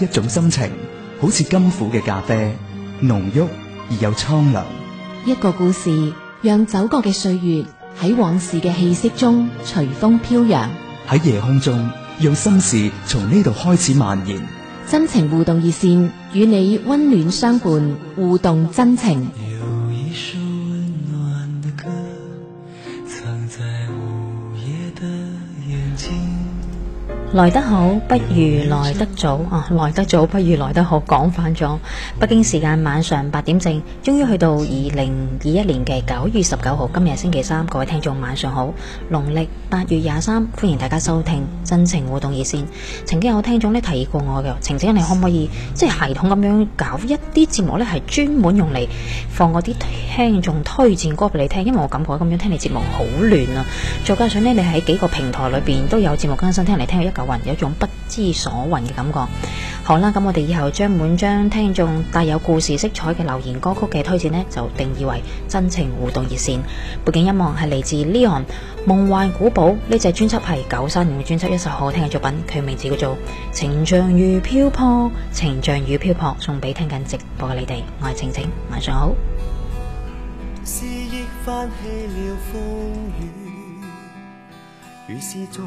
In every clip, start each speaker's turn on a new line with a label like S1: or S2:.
S1: 一種心情，好似甘苦嘅咖啡，濃郁而又蒼涼。
S2: 一個故事，讓走過嘅歲月喺往事嘅氣息中隨風飄揚。
S1: 喺夜空中，讓心事從呢度開始蔓延。
S2: 真情互動熱線，與你溫暖相伴，互動真情。來得好不如來得早啊！來得早不如來得好，講反咗。北京時間晚上八點正，終於去到二零二一年嘅九月十九號，今日星期三，各位聽眾晚上好，農曆八月廿三，歡迎大家收聽真情互動熱線。曾經有聽眾咧提過我嘅，晴晴，你可唔可以即係、就是、系統咁樣搞一啲節目咧，係專門用嚟放嗰啲聽眾推薦歌俾你聽，因為我感覺咁樣聽你節目好亂啊，再加上呢，你喺幾個平台裏邊都有節目更新，聽嚟聽去一。有云有種不知所云嘅感覺。好啦，咁我哋以後將滿張聽眾帶有故事色彩嘅留言歌曲嘅推薦呢，就定義為真情互動熱線。背景音樂係嚟自 Leon《夢幻古堡》呢隻、這個、專輯，係九三年嘅專輯，一首好好聽嘅作品。佢名字叫做《情像如飄泊》，情像如飄泊，送俾聽緊直播嘅你哋。我係晴晴，晚上好。
S1: 泛起了風雨。雨中。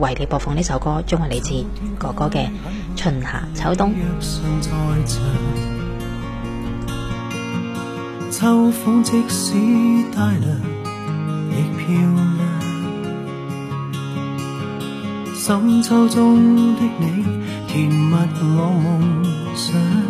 S2: 為你播放呢首歌將會嚟自哥哥嘅春夏秋冬。秋
S1: 風即使帶涼，亦漂亮。深秋中的你，填密我夢想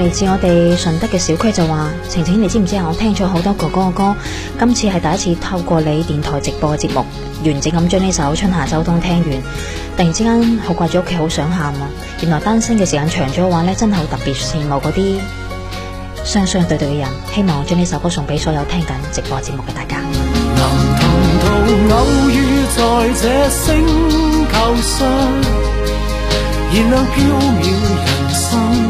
S2: 嚟自我哋順德嘅小區就話：晴晴，你知唔知啊？我聽咗好多哥哥嘅歌，今次係第一次透過你電台直播嘅節目，完整咁將呢首春夏秋冬聽完。突然之間好掛住屋企，好想喊啊！原來單身嘅時間長咗嘅話呢真係好特別羨慕嗰啲雙雙對對嘅人。希望將呢首歌送俾所有聽緊直播節目嘅大家。
S1: 能同途偶遇，在這星球上，燃亮飄渺人生。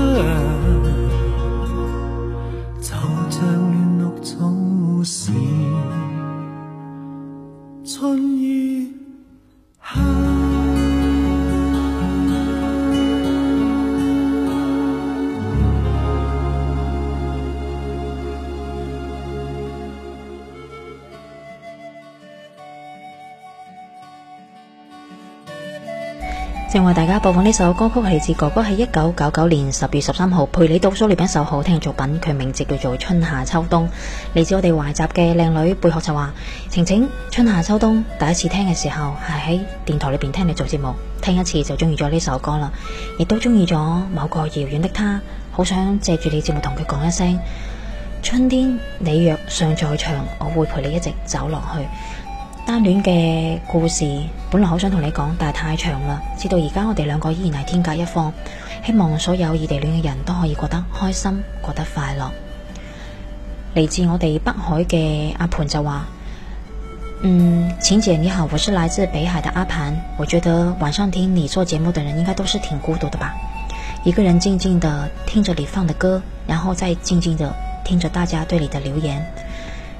S2: 為大家播放呢首歌曲，嚟自哥哥喺一九九九年十月十三號陪你讀書嚟一首好聽嘅作品，佢名字叫做《春夏秋冬》，嚟自我哋懷集嘅靚女貝殼就話：晴晴《春夏秋冬》第一次聽嘅時候係喺電台裏邊聽你做節目，聽一次就中意咗呢首歌啦，亦都中意咗某個遙遠的他，好想借住你節目同佢講一聲：春天你若尚在場，我會陪你一直走落去。單戀嘅故事，本來好想同你講，但係太長啦。直到而家，我哋兩個依然係天隔一方。希望所有異地戀嘅人都可以過得開心，過得快樂。嚟自我哋北海嘅阿盤就話：嗯，淺姐，你好福。我是來自北海的阿盤，我覺得晚上聽你做節目的人應該都是挺孤獨的吧？一個人靜靜的聽着你放的歌，然後再靜靜的聽着大家對你的留言。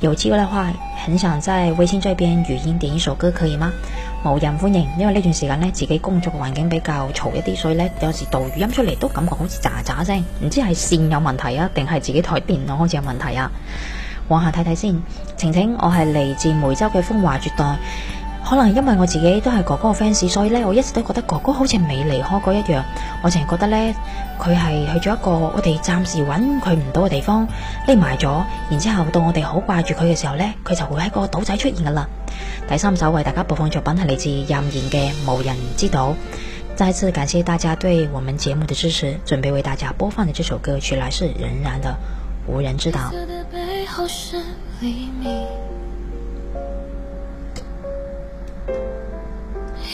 S2: 有機會嘅話，很想在微信這邊語音點一首歌，可以嗎？無人歡迎，因為呢段時間呢自己工作嘅環境比較嘈一啲，所以呢有時導語音出嚟都感覺好似喳喳聲，唔知係線有問題啊，定係自己台電腦好似有問題啊？往下睇睇先，晴晴，我係嚟自梅州嘅風華絕代。可能因為我自己都係哥哥嘅 fans，所以呢我一直都覺得哥哥好似未離開過一樣。我淨係覺得呢，佢係去咗一個我哋暫時揾佢唔到嘅地方匿埋咗，然之後到我哋好掛住佢嘅時候呢，佢就會喺個島仔出現噶啦。第三首為大家播放作品係嚟自任然嘅《無人之島》再次感謝大家對我們節目的支持。準備為大家播放嘅這首歌曲來是任然的《無人之島》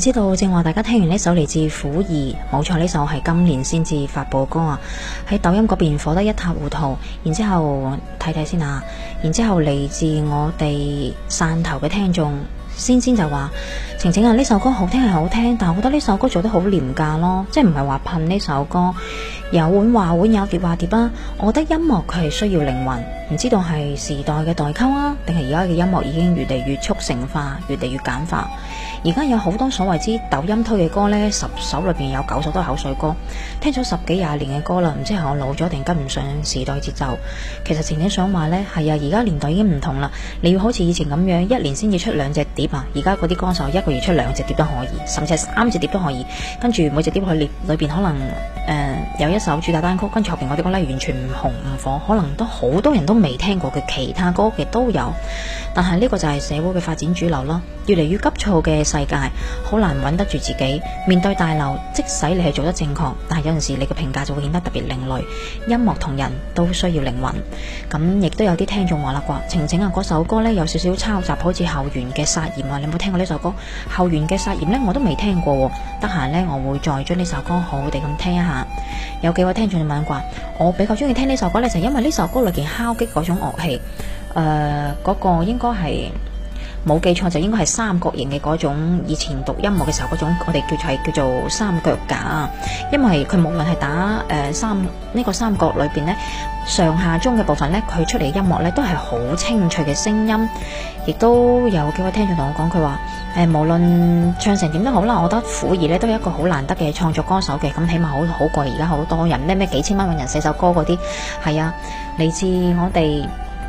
S2: 知道正話，大家聽完呢首嚟自《虎兒》錯，冇錯，呢首係今年先至發布歌啊！喺抖音嗰邊火得一塌糊塗。然之後睇睇先啊，然之後嚟自我哋汕頭嘅聽眾，先先就話晴晴啊，呢首歌好聽係好聽，但係我覺得呢首歌做得好廉價咯，即係唔係話噴呢首歌。有碗話碗有碟話碟啊！我覺得音樂佢係需要靈魂，唔知道係時代嘅代溝啊，定係而家嘅音樂已經越嚟越速成化，越嚟越簡化。而家有好多所謂之抖音推嘅歌呢，十首裏邊有九首都係口水歌。聽咗十幾廿年嘅歌啦，唔知係我老咗定跟唔上時代節奏。其實前幾想話呢，係啊，而家年代已經唔同啦，你要好似以前咁樣一年先至出兩隻碟啊！而家嗰啲歌手一個月出兩隻碟都可以，甚至係三隻碟都可以。跟住每隻碟去列裏邊可能誒、呃、有一首主打單曲，跟住後邊我哋講咧，完全唔紅唔火，可能都好多人都未聽過嘅其他歌嘅都有，但係呢個就係社會嘅發展主流咯。越嚟越急躁嘅世界，好難揾得住自己。面對大樓，即使你係做得正確，但係有陣時你嘅評價就會顯得特別另類。音樂同人都需要靈魂。咁、嗯、亦都有啲聽眾話啦啩，晴晴啊，嗰首歌呢有少少抄襲，好似後弦嘅《殺鹽》啊，你有冇聽過呢首歌？後弦嘅《殺鹽》呢我都未聽過、哦。得閒呢，我會再將呢首歌好好地咁聽一下。有幾位聽眾就問話，我比較中意聽呢首歌咧，就係因為呢首歌裏邊敲擊嗰種樂器，誒、呃、嗰、那個應該係。冇記錯就應該係三角形嘅嗰種，以前讀音樂嘅時候嗰種，我哋叫做係叫做三角架。因為佢無論係打誒、呃、三呢、這個三角裏邊呢上下中嘅部分呢，佢出嚟音樂呢都係好清脆嘅聲音，亦都有幾位聽眾同我講佢話誒，無論唱成點都好啦，我覺得苦兒呢都係一個好難得嘅創作歌手嘅，咁起碼好好過而家好多人咩咩幾千蚊揾人寫首歌嗰啲，係啊，嚟自我哋。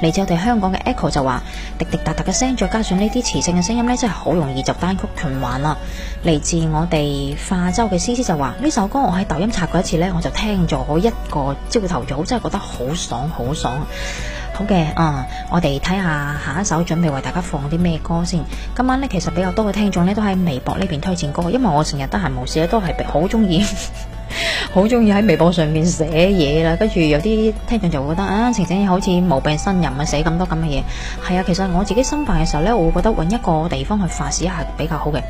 S2: 嚟自我哋香港嘅 Echo 就話，滴滴答答嘅聲，再加上呢啲磁性嘅聲音呢，真係好容易就單曲循環啦。嚟自我哋化州嘅詩詩就話，呢首歌我喺抖音刷過一次呢，我就聽咗一個朝頭早，真係覺得好爽好爽。好嘅，啊，嗯，我哋睇下下一首準備為大家放啲咩歌先。今晚呢，其實比較多嘅聽眾呢都喺微博呢邊推薦歌，因為我成日得閒無事咧都係好中意。 好中意喺微博上面寫嘢啦，跟住有啲聽眾就會覺得啊，晴晴好似無病呻吟啊，寫咁多咁嘅嘢。係啊，其實我自己心煩嘅時候呢，我會覺得搵一個地方去發洩一下比較好嘅。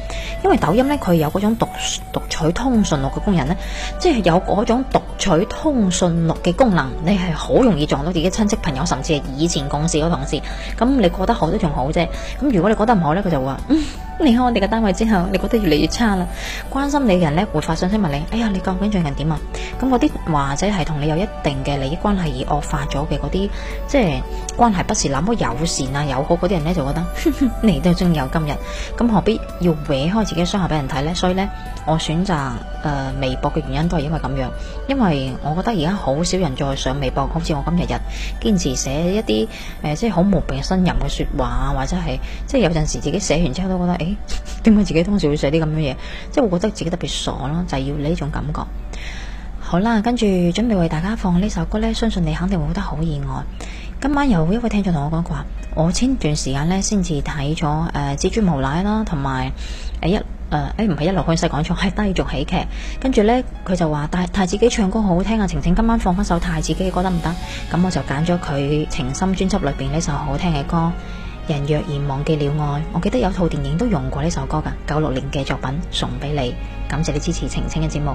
S2: 因為抖音呢，佢有嗰種讀讀取通訊錄嘅功能呢。即係有嗰種讀取通訊錄嘅功能，你係好容易撞到自己親戚朋友，甚至係以前公司嘅同事。咁你覺得好都仲好啫。咁如果你覺得唔好呢，佢就會話嗯，你喺我哋嘅單位之後，你覺得越嚟越差啦。關心你嘅人呢，會發信息問你，哎呀，你講最近點啊？咁嗰啲或者係同你有一定嘅利益關係而惡化咗嘅嗰啲，即係關係不是那麼友善啊友好嗰啲人呢，就覺得呵呵你都係有今日，咁何必要歪開自己嘅傷口俾人睇呢？所以呢，我選擇誒微博嘅原因都係因為咁樣，因為我覺得而家好少人再上微博，好似我今日日堅持寫一啲誒即係好無病呻吟嘅說話或者係即係有陣時自己寫完之後都覺得誒，點解自己當時會寫啲咁樣嘢？即係我覺得自己特別傻咯，就係要呢種感覺。好啦，跟住準備為大家放呢首歌呢。相信你肯定會覺得好意外。今晚有一位聽眾同我講過話，我前段時間呢先至睇咗誒《蜘蛛無賴》啦，同埋誒一誒誒唔係一路向西講錯係低俗喜劇。跟住呢，佢就話太太子基唱歌好好聽啊！晴晴今晚放翻首太子基嘅歌得唔得？咁我就揀咗佢情深專輯裏邊呢首好聽嘅歌《人若然忘記了愛》。我記得有套電影都用過呢首歌噶，九六年嘅作品。送俾你，感謝你支持晴晴嘅節目。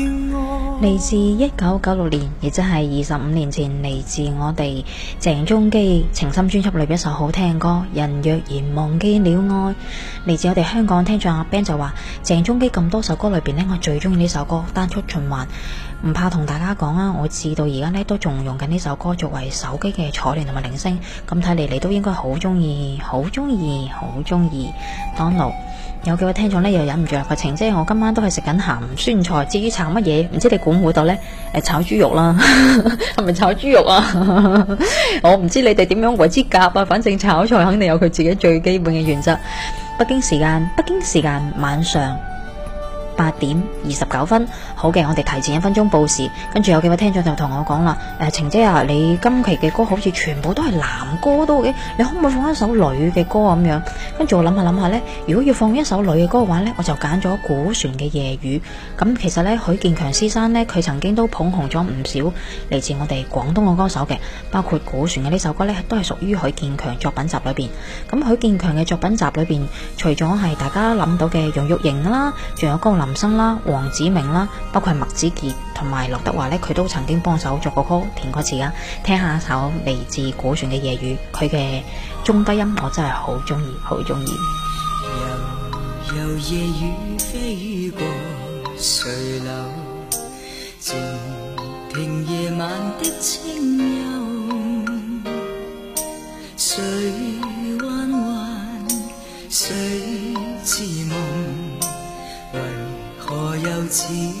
S2: 嚟自一九九六年，亦即係二十五年前，嚟自我哋鄭中基情深專輯裏邊一首好聽嘅歌《人若然忘記了愛》。嚟自我哋香港聽眾阿 Ben 就話：鄭中基咁多首歌裏邊咧，我最中意呢首歌。單曲循環，唔怕同大家講啊！我至到而家咧都仲用緊呢首歌作為手機嘅彩鈴同埋鈴聲。咁睇嚟，你都應該好中意，好中意，好中意，當勞。有幾位聽眾咧又忍唔住入個情姐，即係我今晚都係食緊鹹酸菜，至於炒乜嘢，唔知你估唔估到咧，誒、欸、炒豬肉啦，係 咪炒豬肉啊？ 我唔知你哋點樣為之夾啊，反正炒菜肯定有佢自己最基本嘅原則。北京時間，北京時間晚上八點二十九分。好嘅，我哋提前一分鐘報時，跟住有幾位聽眾就同我講啦，誒、呃、晴姐啊，你今期嘅歌好似全部都係男歌都嘅，你可唔可以放一首女嘅歌咁樣？跟住我諗下諗下呢。如果要放一首女嘅歌嘅話呢，我就揀咗古船嘅夜雨。咁其實呢，許建強先生呢，佢曾經都捧紅咗唔少嚟自我哋廣東嘅歌手嘅，包括古船嘅呢首歌呢，都係屬於許建強作品集裏面。咁許建強嘅作品集裏面，除咗係大家諗到嘅楊鈺瑩啦，仲有高林生啦、黃子明啦。包括麥子杰同埋劉德華呢，佢都曾經幫手作過歌、填過詞啊！聽下首《嚟自古城嘅夜雨》，佢嘅中低音我真係好中意，好中意。
S1: 悠悠夜雨飛過垂柳，靜聽夜晚的清幽，誰彎彎，誰似夢，為何又似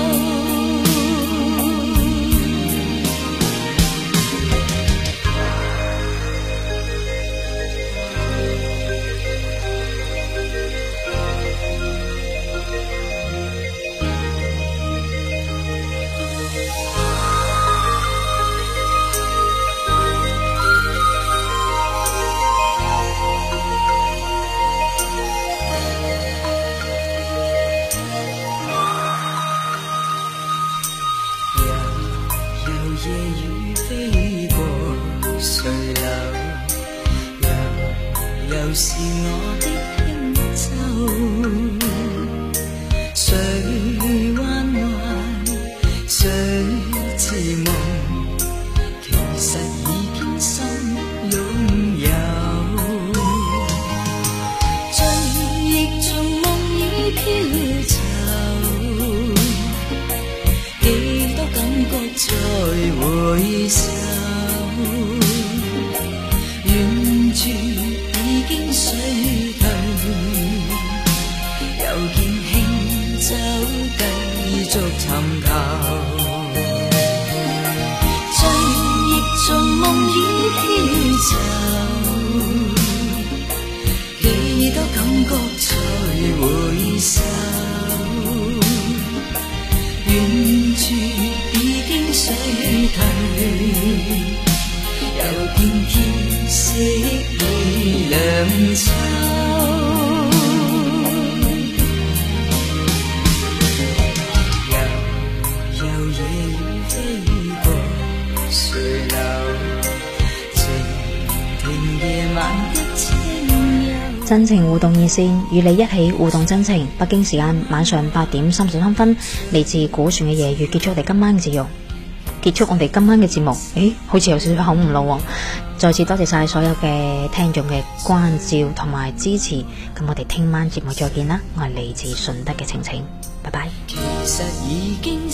S2: 真情互動熱線，與你一起互動真情。北京時間晚上八點三十三分，嚟自古船嘅夜雨結束，我哋今晚嘅節目結束，我哋今晚嘅節目，誒、哎，好似有少少口誤喎。再次多謝晒所有嘅聽眾嘅關照同埋支持。咁我哋聽晚節目再見啦。我係嚟自順德嘅晴晴，
S1: 拜拜。其實已
S3: 經